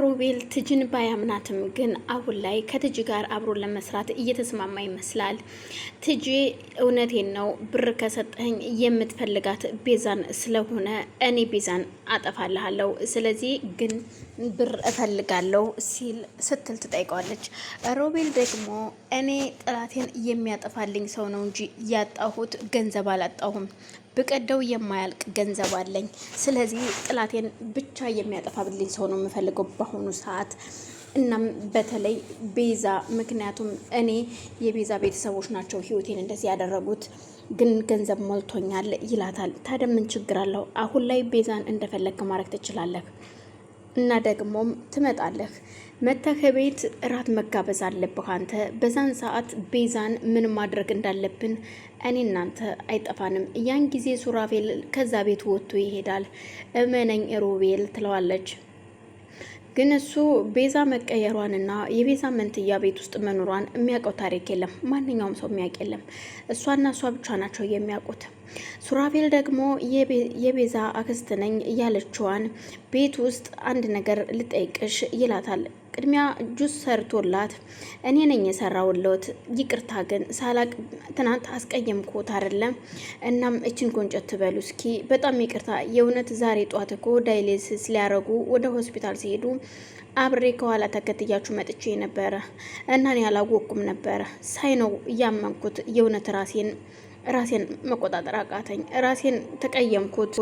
ሮቤል ትጅን ባያምናትም ግን አሁን ላይ ከትጅ ጋር አብሮ ለመስራት እየተስማማ ይመስላል። ትጅ እውነቴን ነው ብር ከሰጠኝ የምትፈልጋት ቤዛን ስለሆነ እኔ ቤዛን አጠፋልሃለሁ፣ ስለዚህ ግን ብር እፈልጋለሁ ሲል ስትል ትጠይቀዋለች። ሮቤል ደግሞ እኔ ጥላቴን የሚያጠፋልኝ ሰው ነው እንጂ ያጣሁት ገንዘብ አላጣሁም ብቀደው የማያልቅ ገንዘብ አለኝ። ስለዚህ ጥላቴን ብቻ የሚያጠፋብልኝ ሰው ነው የምፈልገው በአሁኑ ሰዓት። እናም በተለይ ቤዛ፣ ምክንያቱም እኔ የቤዛ ቤተሰቦች ናቸው ህይወቴን እንደዚህ ያደረጉት ግን ገንዘብ ሞልቶኛል ይላታል። ታዲያ ምን ችግር አለው? አሁን ላይ ቤዛን እንደፈለግክ ማድረግ ትችላለህ። እና ደግሞም ትመጣለህ መተህ ቤት እራት መጋበዝ አለብህ አንተ። በዛን ሰዓት ቤዛን ምን ማድረግ እንዳለብን እኔ እናንተ አይጠፋንም። ያን ጊዜ ሱራፌል ከዛ ቤት ወጥቶ ይሄዳል። እመነኝ ሮቤል ትለዋለች። ግን እሱ ቤዛ መቀየሯንና የቤዛ መንትያ ቤት ውስጥ መኖሯን የሚያውቀው ታሪክ የለም። ማንኛውም ሰው የሚያውቅ የለም። እሷና እሷ ብቻ ናቸው የሚያውቁት። ሱራፌል ደግሞ የቤዛ አክስት ነኝ እያለችዋን ቤት ውስጥ አንድ ነገር ልጠይቅሽ ይላታል። ቅድሚያ ጁስ ሰርቶላት እኔ ነኝ የሰራውለት። ይቅርታ ግን ሳላቅ ትናንት አስቀየምኩት አይደለም። እናም እችን ጎንጨት ትበሉ እስኪ። በጣም ይቅርታ የእውነት ዛሬ ጧት እኮ ዳይሌሲስ ሊያረጉ ወደ ሆስፒታል ሲሄዱ አብሬ ከኋላ ተከትያችሁ መጥቼ ነበረ እና እኔ አላወቅኩም ነበረ። ሳይ ነው እያመንኩት የእውነት ራሴን ራሴን መቆጣጠር አቃተኝ። ራሴን ተቀየምኩት።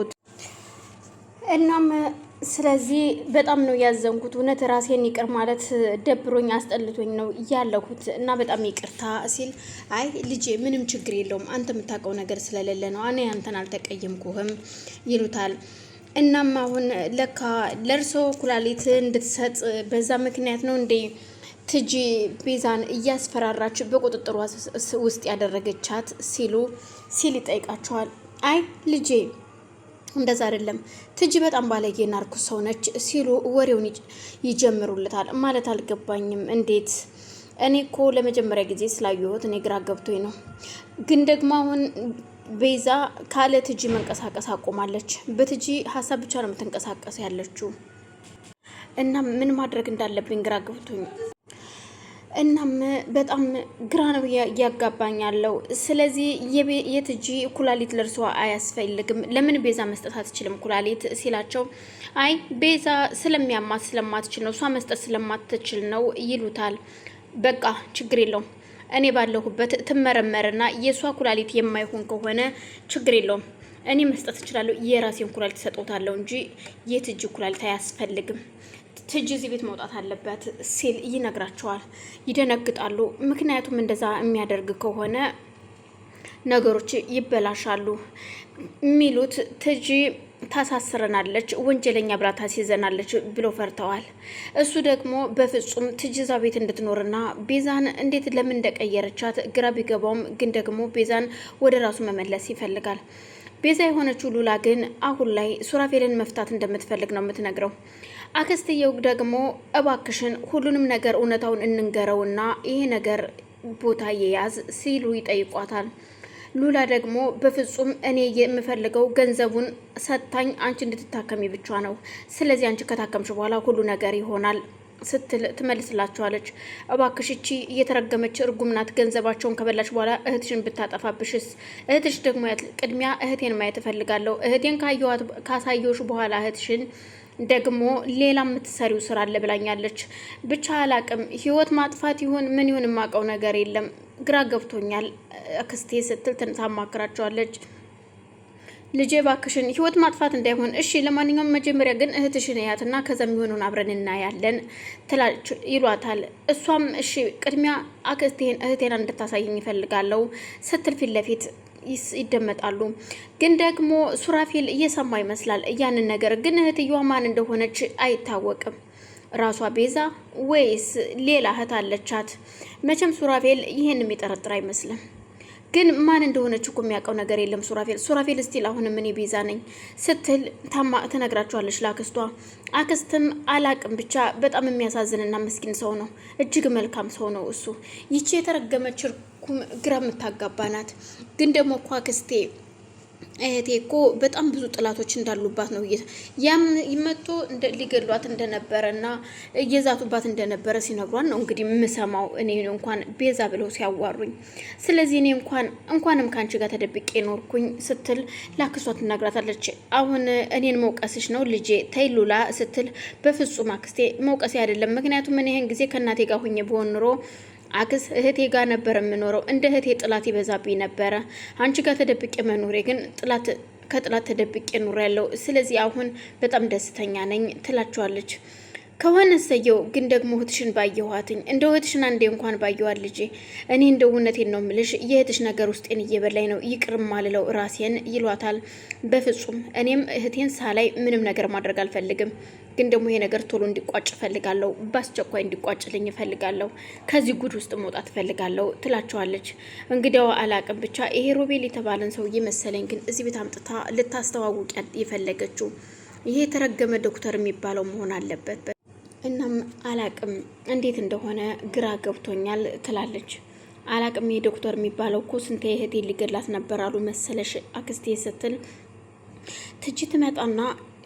እናም ስለዚህ በጣም ነው ያዘንኩት። እውነት ራሴን ይቅር ማለት ደብሮኝ አስጠልቶኝ ነው እያለኩት እና በጣም ይቅርታ ሲል አይ ልጄ ምንም ችግር የለውም አንተ የምታውቀው ነገር ስለሌለ ነው እኔ አንተን አልተቀየምኩህም ይሉታል። እናም አሁን ለካ ለእርሶ ኩላሊት እንድትሰጥ በዛ ምክንያት ነው እንዴ ትጂ ቤዛን እያስፈራራች በቁጥጥሯ ውስጥ ያደረገቻት ሲሉ ሲል ይጠይቃቸዋል። አይ ልጄ እንደዛ አይደለም ትጂ በጣም ባለጌ ናርኩ ሰው ነች ሲሉ ወሬውን ይጀምሩለታል። ማለት አልገባኝም እንዴት እኔ እኮ ለመጀመሪያ ጊዜ ስላየሁት እኔ ግራ ገብቶኝ ነው። ግን ደግሞ አሁን ቤዛ ካለ ትጂ መንቀሳቀስ አቆማለች። በትጂ ሀሳብ ብቻ ነው የምትንቀሳቀስ ያለችው እና ምን ማድረግ እንዳለብኝ ግራ ገብቶኝ እናም በጣም ግራ ነው እያጋባኛለው። ስለዚህ የትጂ ኩላሊት ለእርሷ አያስፈልግም፣ ለምን ቤዛ መስጠት አትችልም ኩላሊት ሲላቸው፣ አይ ቤዛ ስለሚያማት ስለማትችል ነው፣ እሷ መስጠት ስለማትችል ነው ይሉታል። በቃ ችግር የለውም እኔ ባለሁበት ትመረመርና የእሷ ኩላሊት የማይሆን ከሆነ ችግር የለውም እኔ መስጠት እችላለሁ፣ የራሴን ኩላሊት ሰጦታለሁ እንጂ የትጂ ኩላሊት አያስፈልግም ትጅ እዚህ ቤት መውጣት አለበት ሲል ይነግራቸዋል። ይደነግጣሉ። ምክንያቱም እንደዛ የሚያደርግ ከሆነ ነገሮች ይበላሻሉ የሚሉት ትጂ ታሳስረናለች፣ ወንጀለኛ ብላ ታስይዘናለች ብሎ ፈርተዋል። እሱ ደግሞ በፍጹም ትጅዛ እዛ ቤት እንድትኖርና ቤዛን እንዴት ለምን እንደቀየረቻት ግራ ቢገባውም ግን ደግሞ ቤዛን ወደ ራሱ መመለስ ይፈልጋል። ቤዛ የሆነችው ሉላ ግን አሁን ላይ ሱራፌልን መፍታት እንደምትፈልግ ነው የምትነግረው። አክስትየው ደግሞ እባክሽን ሁሉንም ነገር እውነታውን እንንገረውና ይሄ ነገር ቦታ የያዝ ሲሉ ይጠይቋታል። ሉላ ደግሞ በፍጹም እኔ የምፈልገው ገንዘቡን ሰጥታኝ አንቺ እንድትታከሚ ብቻ ነው። ስለዚህ አንቺ ከታከምሽ በኋላ ሁሉ ነገር ይሆናል ስትል ትመልስላቸዋለች እባክሽ እቺ እየተረገመች እርጉም ናት፣ ገንዘባቸውን ከበላች በኋላ እህትሽን ብታጠፋብሽስ? እህትሽ ደግሞ ቅድሚያ እህቴን ማየት እፈልጋለሁ። እህቴን ካሳየሁሽ በኋላ እህትሽን ደግሞ ሌላ የምትሰሪው ስራ አለ ብላኛለች። ብቻ አላቅም፣ ህይወት ማጥፋት ይሁን ምን ይሁን የማውቀው ነገር የለም፣ ግራ ገብቶኛል ክስቴ ስትል ትንታማክራቸዋለች። ልጄ ክሽን ህይወት ማጥፋት እንዳይሆን እሺ፣ ለማንኛውም መጀመሪያ ግን እህትሽን እያትና ከዛ የሚሆኑን አብረን እናያለን ይሏታል። እሷም እሺ፣ ቅድሚያ አክስቴን እህቴና እንድታሳየኝ ይፈልጋለው ስትል ፊት ለፊት ይደመጣሉ። ግን ደግሞ ሱራፊል እየሰማ ይመስላል ያንን ነገር። ግን እህትየዋ ማን እንደሆነች አይታወቅም። ራሷ ቤዛ ወይስ ሌላ እህት አለቻት? መቼም ሱራፌል ይህን የሚጠረጥር አይመስልም። ግን ማን እንደሆነች እኮ የሚያውቀው ነገር የለም። ሱራፌል ሱራፌል ስቲል አሁንም እኔ ቤዛ ነኝ ስትል ታማ ትነግራቸዋለች ለአክስቷ። አክስትም አላቅም ብቻ በጣም የሚያሳዝንና ምስኪን ሰው ነው። እጅግ መልካም ሰው ነው እሱ። ይቺ የተረገመች እርኩም ግራ የምታጋባ ናት። ግን ደግሞ እኮ አክስቴ እህቴ እኮ በጣም ብዙ ጥላቶች እንዳሉባት ነው። ያም ይመጡ ሊገሏት እንደነበረ እና እየዛቱባት እንደነበረ ሲነግሯን ነው እንግዲህ የምሰማው እኔ እንኳን ቤዛ ብለው ሲያዋሩኝ። ስለዚህ እኔ እንኳን እንኳንም ከአንቺ ጋር ተደብቄ ኖርኩኝ ስትል ላክሷ ትናግራታለች። አሁን እኔን መውቀስሽ ነው ልጄ ተይሉላ ስትል፣ በፍጹም አክስቴ መውቀሴ አይደለም። ምክንያቱም እኔ ይህን ጊዜ ከእናቴ ጋር ሁኜ ብሆን ኑሮ አክስ እህቴ ጋር ነበር የምኖረው። እንደ እህቴ ጥላት ይበዛብኝ ነበረ። አንቺ ጋር ተደብቄ መኖሬ ግን ጥላት ከጥላት ተደብቄ ኑሮ ያለው። ስለዚህ አሁን በጣም ደስተኛ ነኝ ትላችኋለች። ከሆነ ሰየው ግን ደግሞ እህትሽን ባየኋትኝ እንደ እህትሽን አንዴ እንኳን ባየዋት ልጄ፣ እኔ እንደ እውነቴን ነው ምልሽ የእህትሽ ነገር ውስጤን እየበላኝ ነው፣ ይቅርም አልለው ራሴን ይሏታል። በፍጹም እኔም እህቴን ሳላይ ምንም ነገር ማድረግ አልፈልግም፣ ግን ደግሞ ይሄ ነገር ቶሎ እንዲቋጭ እፈልጋለሁ፣ በአስቸኳይ እንዲቋጭልኝ እፈልጋለሁ፣ ከዚህ ጉድ ውስጥ መውጣት እፈልጋለሁ ትላቸዋለች። እንግዲያው አላቅም ብቻ ይሄ ሮቤል የተባለን ሰውዬ መሰለኝ ግን እዚህ ቤት አምጥታ ልታስተዋውቅ የፈለገችው ይሄ የተረገመ ዶክተር የሚባለው መሆን አለበት። እናም አላቅም እንዴት እንደሆነ ግራ ገብቶኛል ትላለች። አላቅም የዶክተር የሚባለው እኮ ስንት እህቴ ሊገላት ነበር አሉ መሰለሽ አክስቴ ስትል ትጅ ትመጣና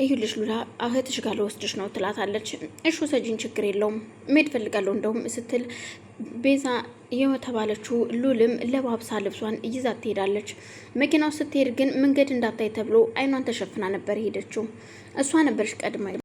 እዩልሽ ሉላ እህትሽ ጋር ልወስድሽ ነው ትላታለች። እሹ ውሰጂኝ፣ ችግር የለውም መሄድ ፈልጋለሁ እንደውም ስትል ቤዛ የተባለችው ሉልም ለባብሳ ልብሷን ይዛ ትሄዳለች። መኪናው ስትሄድ ግን መንገድ እንዳታይ ተብሎ አይኗን ተሸፍና ነበር የሄደችው። እሷ ነበረች ቀድማ